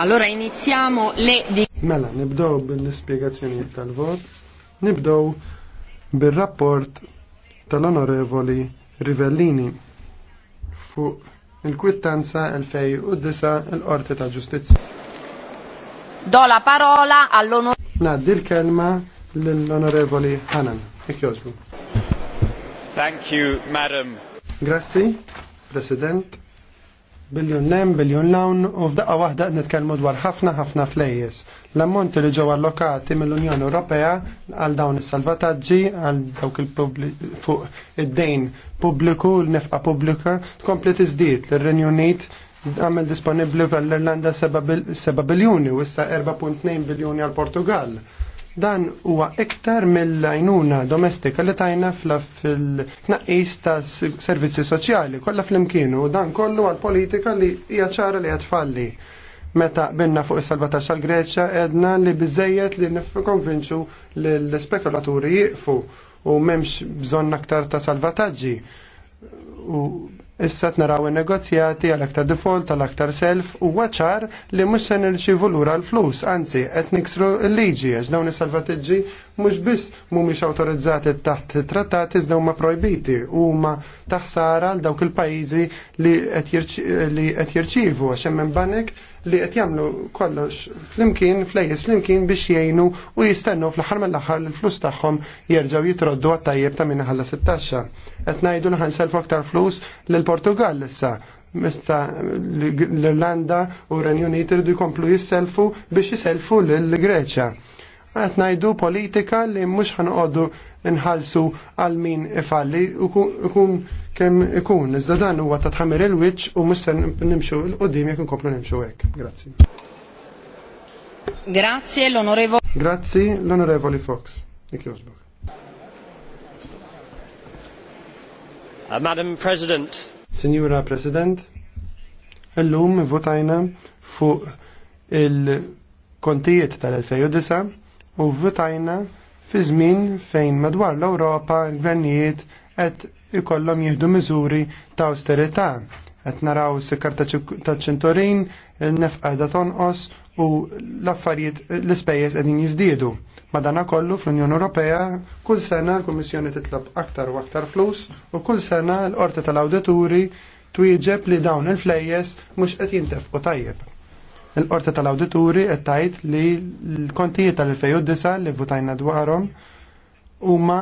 Allora iniziamo le di... Mela, nibdow bil-spiegazzjoni tal-vot. Nibdow bil-rapport tal-onorevoli Rivellini fuq il-kwittanza 2009 il-Qorti ta' Ġustizzja. Do la parola all'onorevole... Naddi l-kelma l-onorevoli Hanan. Thank you, madam. Grazie, President biljon nem, biljon lawn, u f'daqqa waħda nitkellmu dwar ħafna ħafna flejjes. L-ammonti li ġew allokati mill-Unjoni Ewropea għal dawn is-salvataġġi għal dawk fuq id-dejn pubbliku l-nefqa pubblika tkompli tiżdied l-Renju Unit għamel disponibbli għall-Irlanda 7 biljuni u issa 4.2 biljuni għal Portugal. Dan huwa iktar mill-għajnuna domestika li tajna fil-tnaqqis ta' servizzi soċjali kollha fl-imkienu dan kollu għal politika li hija ċara li qed Meta binna fuq is-salvataġġ tal Greċja edna li biżejjed li nifkonvinċu li l-spekulaturi jiqfu u m'hemmx bżonn aktar ta' salvataġġi. U Issa t-naraw il-negozjati għal-aktar default, għal-aktar self u għacħar li mux sen irċivu l-ura l-flus, għanzi, etniksru niksru l-liġi, għax dawn il mux bis mu mux autorizzati taħt trattati, iżda ma' projbiti u ma taħsara l-dawk il-pajizi li għet jirċivu, għax hemm banek li qed jagħmlu kollox flimkien flejjes flimkien biex jgħinu u jistennu fl-aħħar mill-aħħar li l-flus tagħhom jerġgħu jitroddu għat-tajjeb ta' minn ħalla 16. Qed ngħidu li ħanselfu aktar flus lill-Portugal issa mista l-Irlanda u r-Renju Unit iridu jkomplu jisselfu biex jiselfu lill-Greċja. Għet najdu politika li mux ħanqoddu nħalsu għal min ifalli u kun kem ikun. Iżda dan huwa ta' tħamir il-wiċ u mux sen nimxu l-qoddim jek nkomplu nimxu hekk. Grazzi. Grazie l-onorevoli. Grazie l'onorevole Fox. Uh, Madam President. Signora President, illum votajna fuq il-kontijiet tal-2009 u vvitajna fi żmien fejn madwar l-Ewropa l-gvernijiet qed ikollhom jieħdu miżuri ta' austerità. Qed naraw s-sikkar ta' ċintorin, il-nefqa da tonqos u l-affarijiet l-ispejjeż qegħdin jiżdiedu. Madana kollu fl-Unjoni Ewropea kull sena l-Kummissjoni titlob aktar u aktar flus u kull sena l-Qorti tal-Awdituri twieġeb li dawn il-flejjes mhux qed jintefqu tajjeb. Il-qorti tal-awdituri qed tgħid li l-kontijiet tal-2009 li votajna dwarhom huma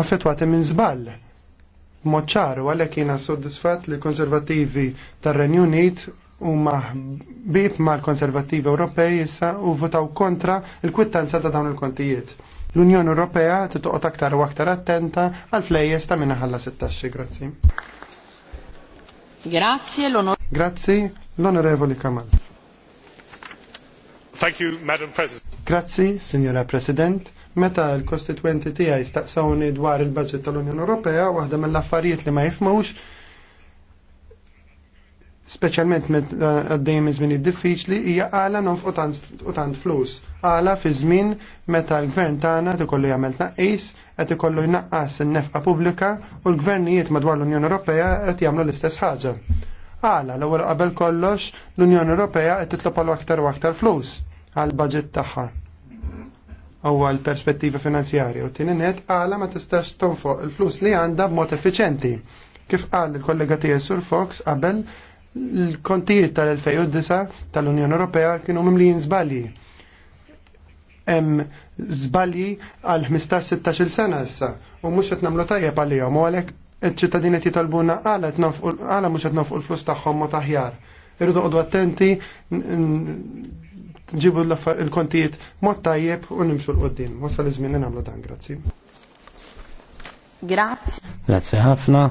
affettwati minn żball. Mod ċaru għalhekk jiena soddisfatt li l-Konservattivi tar-Renju Unit huma ħbib mal-Konservattivi Ewropej issa u votaw kontra il-kwittanza ta' dawn il-kontijiet. L-Unjoni Ewropea titoqgħod aktar u aktar attenta għal flejjes ta' minna ħalla 16. Grazzi. Grazie l-onor. Grazie L-Onorevoli Kamal. Thank you, Madam President. Grazzi, Signora President. Meta l-kostituenti tiegħi jistaqsawni dwar il-budget tal-Unjoni Ewropea, waħda mill-affarijiet li ma jifmux. specialment met għaddejjem iż-żmien diffiċli hija għala non tant flus. Għala fi żmien meta l-gvern tagħna ikollu jagħmel tnaqqis, qed ikollu jnaqqas in-nefqa pubblika u l-gvernijiet madwar l-Unjoni Ewropea qed jagħmlu l-istess ħaġa għala l-ewwel qabel kollox l-Unjoni Ewropea qed titlob għal aktar u aktar flus għal budget tagħha huwa l-perspettiva finanzjarja u tieni net għala ma tistax tonfoq il-flus li għandha b'mod effiċenti. Kif qal il-kollega tiegħi Sur Fox qabel l-kontijiet tal-2009 tal-Unjoni Ewropea kienu mimlijin żbalji hemm żbalji għal 15-16 sena issa u mhux qed nagħmlu tajjeb għalihom u għalhekk il-ċittadini ti talbuna għala mux għetnaf fuq il-flus taħħom ma taħjar. Irridu għodu attenti, nġibu il-kontijiet mod tajjeb u nimxu l-qoddim. Wasal izmin, żmien namlu dan, grazzi. Grazzi. Grazzi ħafna.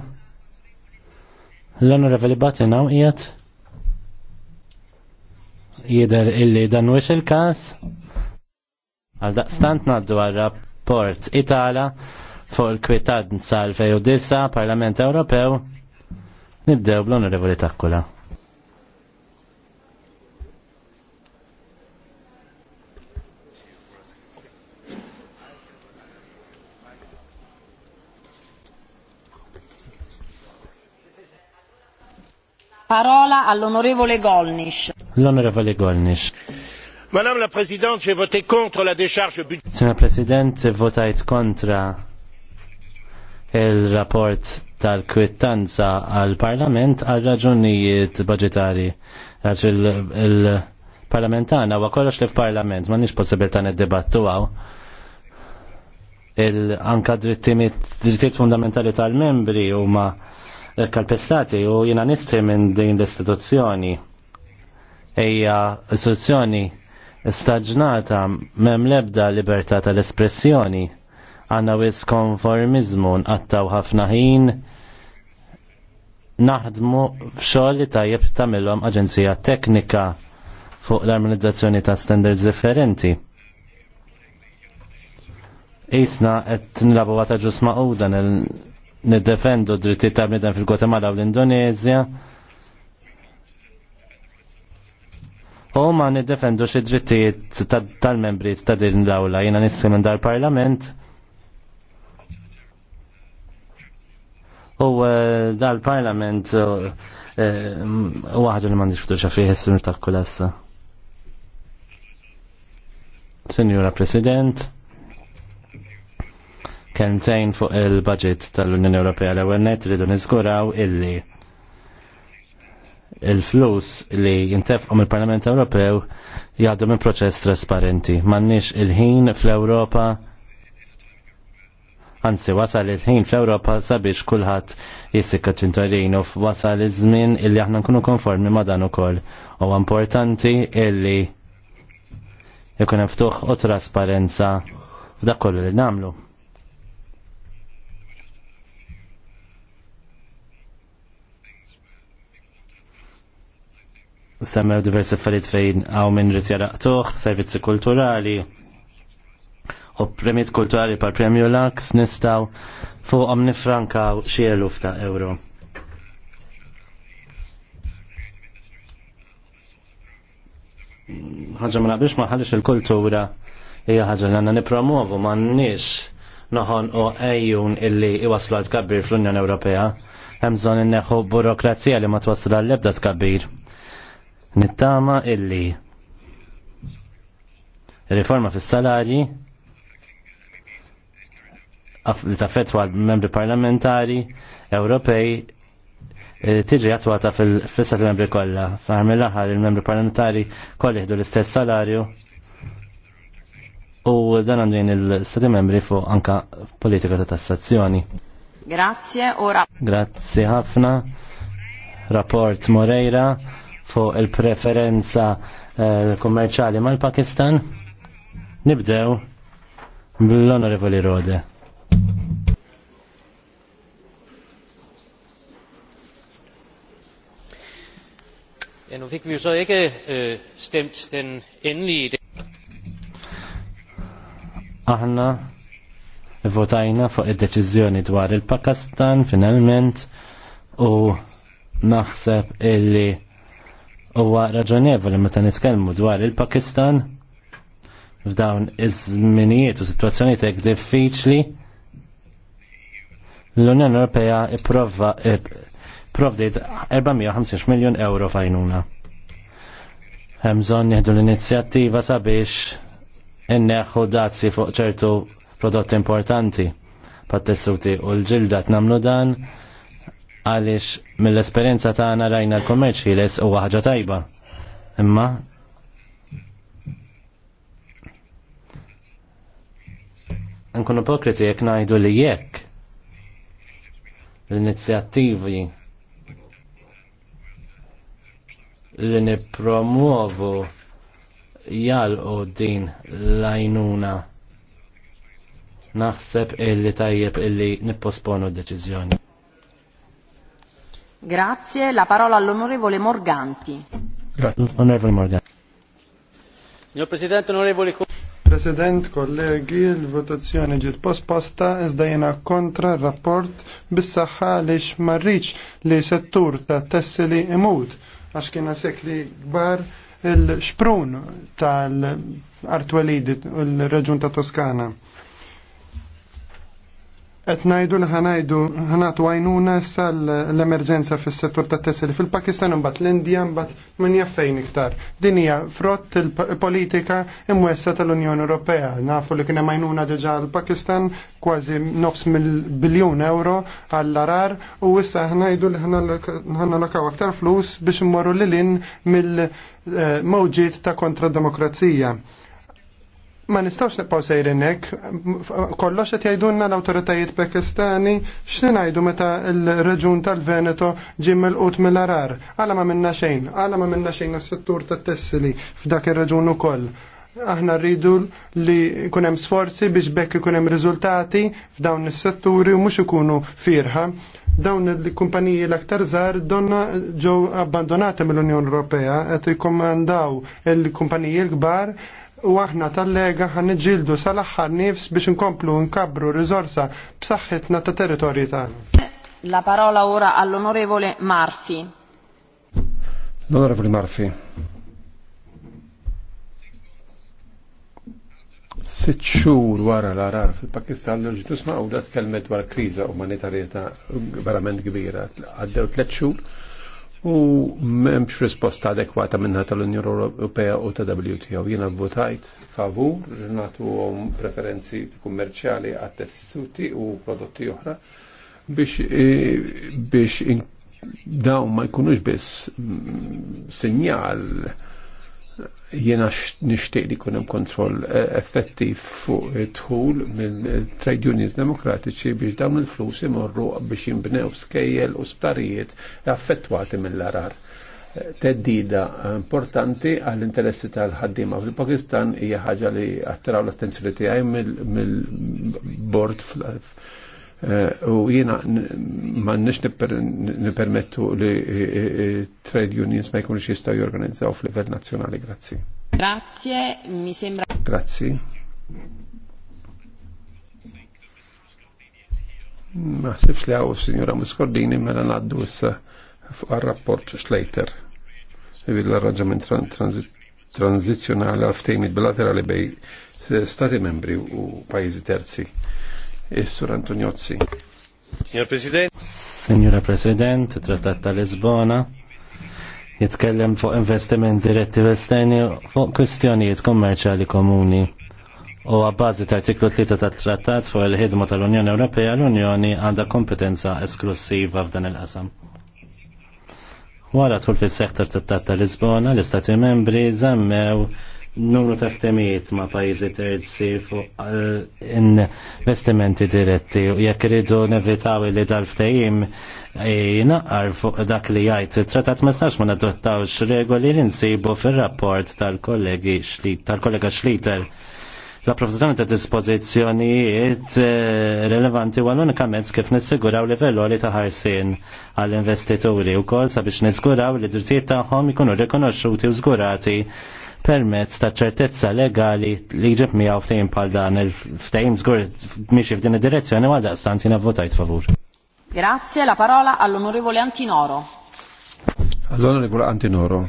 L-onorevoli Batin għaw qiegħed jider illi dan u il-każ. Għal daqstant naddu għal rapport Itala fuq il-kwitanza 2009 Parlament Ewropew. Nibdew bl-Onorevoli Takkula. Parola all'onorevole Golnish. L'onorevole Golnish. Madame la Présidente, j'ai voté contre la décharge budgétaire. Monsieur le Président, j'ai voté contre il-rapport tal-kwittanza għal-parlament għal raġunijiet budgetari. Għax il-parlamentana huwa kollox li f'parlament, ma nix possibilta nid-debattu għaw. Anka drittijiet fundamentali tal-membri huma kalpestati u jina nistri minn din l-istituzzjoni. Ejja istituzzjoni staġnata mem lebda libertà tal-espressjoni għanna wis konformizmu nqattaw ħafna ħin naħdmu f'xogħol li tajjeb tagħmilhom aġenzija teknika fuq l-armonizzazzjoni ta' standards differenti. Isna qed nilabu għata ġus maquda niddefendu d-dritti ta' bniedem fil-Gwatemala u l-Indonezja. U ma niddefendu xi drittijiet tal-membri ta' din l-awla Jina nissi minn parlament U eh, dal-parlament waħdu eh, eh, li mandiġ fiduċa fih s-sumir ta' kulessa. Senjura President, kentejn fuq il-budget tal-Unjoni Ewropea l-ewwel net rridu niżguraw illi il-flus li jintefqom il-Parlament Ewropew jgħaddu minn proċess trasparenti. M'għandniex il-ħin fl-Ewropa Anzi, wasal il-ħin fl-Ewropa sabiex kulħadd jissika ċintorin u wasal iż-żmien illi aħna nkunu konformi ma' dan ukoll. U importanti illi jkun hemm ftuħ u trasparenza f'dak kollu li nagħmlu. semmew diversi affarijiet fejn għaw minn rit jaraqtuh, servizzi kulturali, u premjiet kulturali par premju lax nistaw fuqhom franka xi xie ta' euro. ħaġa ma naqbix ma ħalix il-kultura hija ħaġa li għandna ma m'għandniex noħon u ejjun illi iwaslu għad tkabbir fl-Unjoni Ewropea. Hemm bżonn burokrazija li ma twassal l ebda tkabbir. Nittama illi riforma fis-salarji li taffetwa membri parlamentari Ewropej eh, tiġi attwata fil-fissat membri kollha. Fl-aħħar il-membri parlamentari kolli jieħdu l-istess salarju u dan għandu il-stati membri fuq anka politika ta' tassazzjoni. Grazie, ora. Grazie ħafna. Rapport Moreira fuq il-preferenza eh, kummerċali mal-Pakistan. Nibdew bl-Onorevoli Rode. Ja, nu fik vi jo så ikke øh, stemt den endelige. Aħna votajna fuq id-deċiżjoni dwar il-Pakistan finalment u naħseb illi huwa raġonevoli meta nitkellmu dwar il-Pakistan f'dawn iż-żminijiet u sitwazzjonijiet hekk diffiċli l-Unjoni Ewropea ipprova provdejt 450 miljon euro fajnuna. Hemżon nieħdu l-inizjattiva sabiex inneħħu dazzi fuq ċertu prodotti importanti pat-tessuti u l-ġilda namlu dan għaliex mill-esperjenza tagħna rajna l l-es huwa ħaġa tajba. Imma nkunu pokriti jekk ngħidu li jekk l-inizjattivi li nipromuovu jalqu din lajnuna naħseb illi tajjeb illi nipposponu d-deċizjoni. Grazie, la parola all'onorevole Morganti. Onorevole Morganti. Signor Presidente, onorevoli President, kollegi, l-votazzjoni ġiet posposta iżda jiena kontra r-rapport bis-saħħa li xmarriċ li settur ta' tessili imut għax kien sekli kbar il sprun tal-Artwelidi, il-reġun ta' Toskana. Qed ngħidu li ħanajdu ħanatu għajnuna issa l-emerġenza fis-settur ta' tessil fil-Pakistan imbagħad l-Indja mbagħad min jaffejn iktar. Din hija frott il-politika imwessa tal-Unjoni Ewropea. Nafu li kien hemm għajnuna diġà l-Pakistan kważi nofs mill-biljun euro għall-arar u issa ħnajdu li lokaw aktar flus biex immorru lil in mill-mowġiet eh, ta' kontra demokrazija ma nistawx nibqaw sejrinek, kollox qed jajdunna l-awtoritajiet Pakistani x'in ngħidu meta l-reġun tal-Veneto ġim il-qut mill-arar. Għala ma minna xejn, għala ma minna xejn għas-settur ta' tessili f'dak ir-reġun ukoll. Aħna rridu li kunem hemm sforzi biex bekk ikun hemm riżultati f'dawn is-setturi u mhux ikunu firħa. Dawn il-kumpaniji l-aktar zar donna ġew abbandonati mill-Unjoni Ewropea qed jikomandaw il-kumpaniji l-kbar u aħna tal-lega ħan nġildu sal-axħar nifs biex nkomplu nkabru rizorsa b'saħħitna ta' territorju tagħna. La parola ora all'onorevole Marfi. L'onorevole Marfi. Sitt xhur wara l-arar fil-Pakistan l ġitus maqda kelmet dwar kriża umanitarieta verament kbira. Għaddew tliet xhur u memx risposta adekwata minnha tal-Unjoni Ewropea u ta' WTO. Jena votajt favur, natu għom preferenzi kummerċali għat tessuti u prodotti oħra biex, e, biex dawn ma jkunux biss mm, sinjal Jiena nixtieq li jkun hemm kontroll effettiv fuq it-tħul mill-trade unions demokratiċi biex dawn il-flus imorru biex jinbnew skejjel u sptarijiet affettwati mill-arar. Teddida importanti għall-interessi tal-ħaddima fil-Pakistan hija ħaġa li attraw l-attenzjoni tiegħi mill-bord Eh, u jiena ma nix nipermettu li trade unions ma jkunx jistaw jorganizzaw f'livell nazzjonali. Grazzi. Grazie, mi sembra. Grazzi. Ma sifx li għaw signora Muscordini la mela naddu issa għal-rapport Schleiter. Il-arranġament tranzizjonali għal ftejmit bilaterali bej stati membri u pajizi terzi. Is-Sur Antoniozzi. Signor President. Signora President, Trattat tal Lisbona jitkellem fuq investiment diretti esterni fuq kwistjonijiet kommerċali komuni. U għabbażi ta' artiklu 3 ta' trattat fuq il-ħidma tal-Unjoni Ewropea l-Unjoni għandha kompetenza esklusiva f'dan il-qasam. Wara tħul fis-sektor tat-tat Lisbona, l-Istati membri żammew numru ta' ftemijiet ma' pajizi terzi fuq eh, investimenti diretti u jekk iridu nevitaw li dal-ftejim eh, naqar fuq dak li jgħid trattat ma stax ma nadottawx regoli li nsibu fir-rapport tal-kollegi tal-kollega Schlitter l-approfizzjoni ta' dispożizzjonijiet eh, rilevanti għal unika mezz kif nissiguraw livellu li ta' ħarsien għall investituri u kol sabiex nisguraw li drittijiet tagħhom ikunu rikonoxxuti u żgurati permezz ta' ċertezza legali li ġib miegħu ftehim bħal dan il ftejm żgur mixi f'din id-direzzjoni għal daqstant jiena votajt favur. Grazie, la parola all'onorevole Antinoro. All'onorevole Antinoro.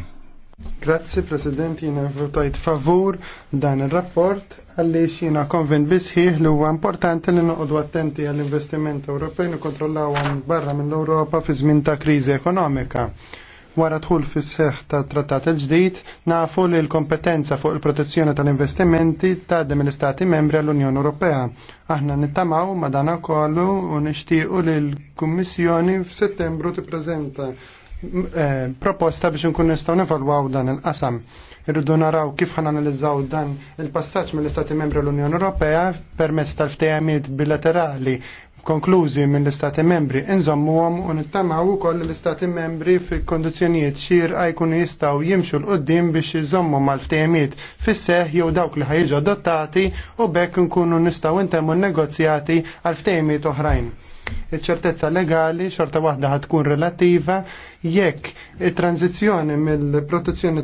Grazie President, jina votajt favur dan il-rapport għalli xina konvent bisħiħ li huwa importanti li noqogħdu attenti għall-investiment Ewropej u kontrollawhom barra mill-Ewropa fi żmien ta' kriżi ekonomika Wara dħul fis seħħ tat trattat il-ġdid, nafu li l-kompetenza fuq il-protezzjoni tal-investimenti tgħaddi mill-Istati membri għall-Unjoni Ewropea. Aħna nittamaw ma dan kollu u nixtiequ li l-Kummissjoni f'Settembru tippreżenta eh, proposta biex nkun nistgħu nevalwaw dan il-qasam. Irridu naraw kif ħan analizzaw dan il-passaġġ mill-Istati membri l-Unjoni Ewropea permezz tal-ftehimiet bilaterali konklużi minn l-Istati membri inżommuhom u nittamaw ukoll l-Istati membri fi kondizjoniet xir jkunu jistgħu jimxu l qudiem biex iżommu mal-ftehimiet fis-seħ jew dawk li ħajġu adottati u bekk nkunu nistgħu intemmu negozjati għal ftehimiet oħrajn. Iċ-ċertezza legali xorta waħda ħatkun relattiva jekk it-tranzizzjoni mill-protezzjoni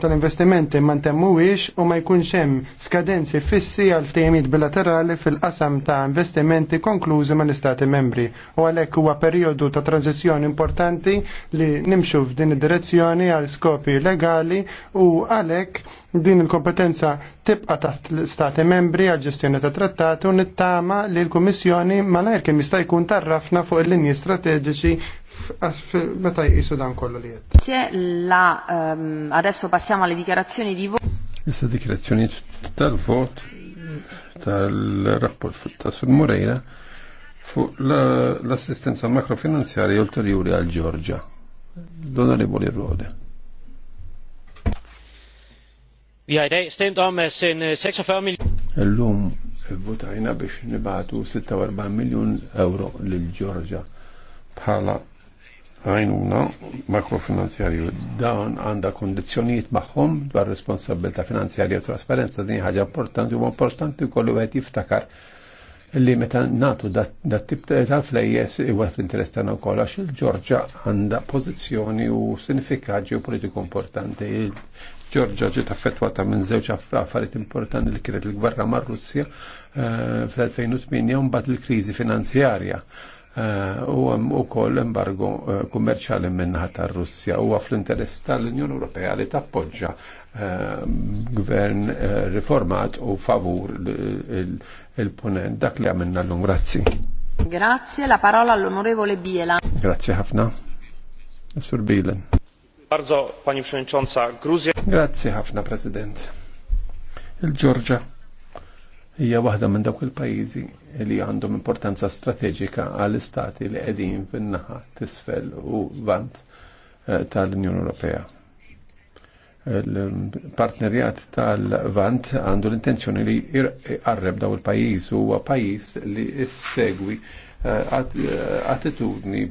tal-investimenti ma ntemmuwiex u ma jkunx hemm skadenzi fissi għal ftehimiet bilaterali fil-qasam ta' investimenti konklużi mal-Istati membri u għalhekk huwa perjodu ta' tranzizzjoni importanti li nimxu f'din id-direzzjoni għal skopi legali u għalhekk Din il-kompetenza tibqa taħt l-Stati membri għal ġestjoni ta' u nittama li l-Kummissjoni malajr kemm jista' jkun tarrafna fuq il-linji strateġiċi meta jqisu dan kollu li jett. La, ehm, adesso passiamo alle dichiarazioni di voto. Issa dichiarazzjoni tal-vot tal-rapport ta' Sul Moreira fuq l-assistenza makrofinanzjarja ulterjuri għal Ġorġa. L-Onorevoli Ja, har i dag stemt om at sende 46 øh, millioner. L-lum votajna biex nibatu 46 miljon euro l-ġorġa bħala għajnuna makrofinanzjarju. Dan għanda kondizjoniet maħħom dwar responsabilta finanzjarju u trasparenza din ħaġa importanti u importanti kollu għet jiftakar li meta natu dat tip tal-flejjes huwa fl-interess tagħna wkoll għax il-Ġorġa għandha pożizzjoni u sinifikat ġeopolitiku importanti. Ġorġa ġiet affettwata minn żewġ affarijiet importanti li kienet il-gwerra mar-Russja eh, fl-2008 u mbagħad il-kriżi finanzjarja Eh, u hemm ukoll embargo eh, kummerċjali minnaħa tar-Russja għaf l interess tal unjon Ewropea li tappoġġa eh, gvern riformat u favur il-punent dak li għamilna l lum grazzi. Grazie, la parola all'onorevole Biela. Grazie ħafna. Sur Bielen. Bardzo, pani przewodnicząca, Gruzja. Grazie ħafna, prezident. il giorgia hija waħda minn dawk il-pajjiżi li għandhom importanza strateġika għall-istati li qegħdin fin-naħa tisfel u vant eh, tal-Unjoni Ewropea. Il-partnerjat tal-Vant għandu l-intenzjoni li jqarreb daw il-pajjiż huwa pajjiż li segwi eh, eh, attitudni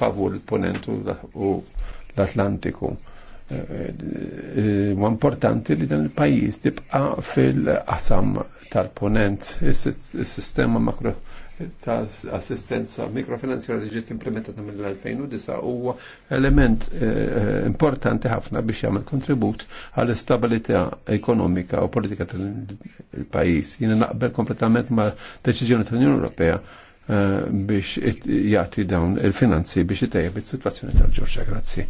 favur il-ponent u l-Atlantiku u eh, eh, importanti li dan il-pajjiż tibqa' fil-qasam tal-ponent is-sistema makro ta' assistenza mikrofinanzjera li ġiet implementata mill-2009 huwa element eh, importanti ħafna biex jagħmel kontribut għall istabilità ekonomika u politika tal-pajjiż. Jiena naqbel kompletament ma' deċiżjoni tal-Unjoni Ewropea biex jagħti dawn il-finanzi biex itejjeb is-sitwazzjoni tal-Ġorġa. Grazzi.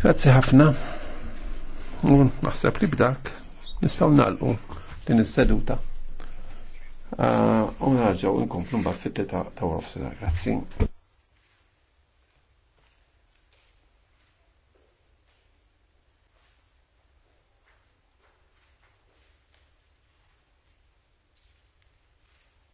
Grazzi ħafna. Naħseb li b'dak nistgħu nagħlqu din is-seduta. Ah, u nraġgħu nkomplu mbagħad fit tita ta' Grazzi.